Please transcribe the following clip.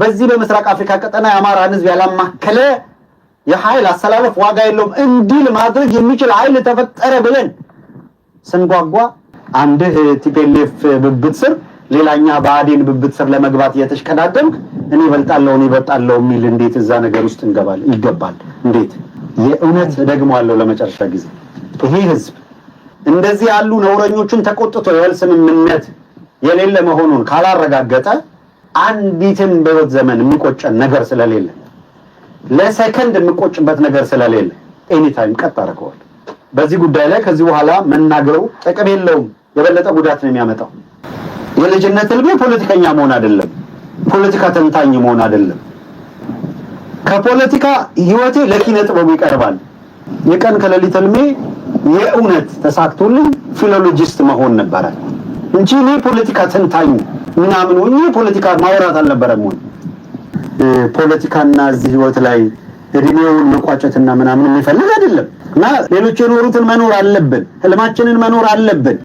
በዚህ በምስራቅ አፍሪካ ቀጠና የአማራን ህዝብ ያላማከለ የኃይል አሰላለፍ ዋጋ የለውም እንዲል ማድረግ የሚችል ኃይል ተፈጠረ ብለን ስንጓጓ አንድህ ቲፔሌፍ ብብት ስር ሌላኛ በአዴን ብብት ስር ለመግባት እየተሽቀዳደምክ እኔ እበልጣለሁ እኔ እበልጣለሁ የሚል እንዴት እዛ ነገር ውስጥ እንገባል ይገባል? እንዴት የእውነት ደግሞ አለው ለመጨረሻ ጊዜ ይሄ ህዝብ እንደዚህ ያሉ ነውረኞቹን ተቆጥቶ የእህል ስምምነት የሌለ መሆኑን ካላረጋገጠ አንዲትም በህይወት ዘመን የሚቆጨን ነገር ስለሌለ ለሰከንድ የምቆጭበት ነገር ስለሌለ ኤኒታይም ቀጥ አደረገዋል። በዚህ ጉዳይ ላይ ከዚህ በኋላ መናገሩ ጥቅም የለውም፣ የበለጠ ጉዳት ነው የሚያመጣው። የልጅነት ህልሜ ፖለቲከኛ መሆን አይደለም፣ ፖለቲካ ተንታኝ መሆን አይደለም። ከፖለቲካ ህይወቴ ለኪነ ጥበቡ ይቀርባል። የቀን ከሌሊት ህልሜ የእውነት ተሳክቶልኝ ፊሎሎጂስት መሆን ነበረ እንጂ እኔ ፖለቲካ ተንታኝ ምናምን ሆኜ ፖለቲካ ማውራት አልነበረም ወይ? ፖለቲካና እዚህ ህይወት ላይ እድሜውን መቋጨትና ምናምን የሚፈልግ አይደለም እና ሌሎች የኖሩትን መኖር አለብን፣ ህልማችንን መኖር አለብን።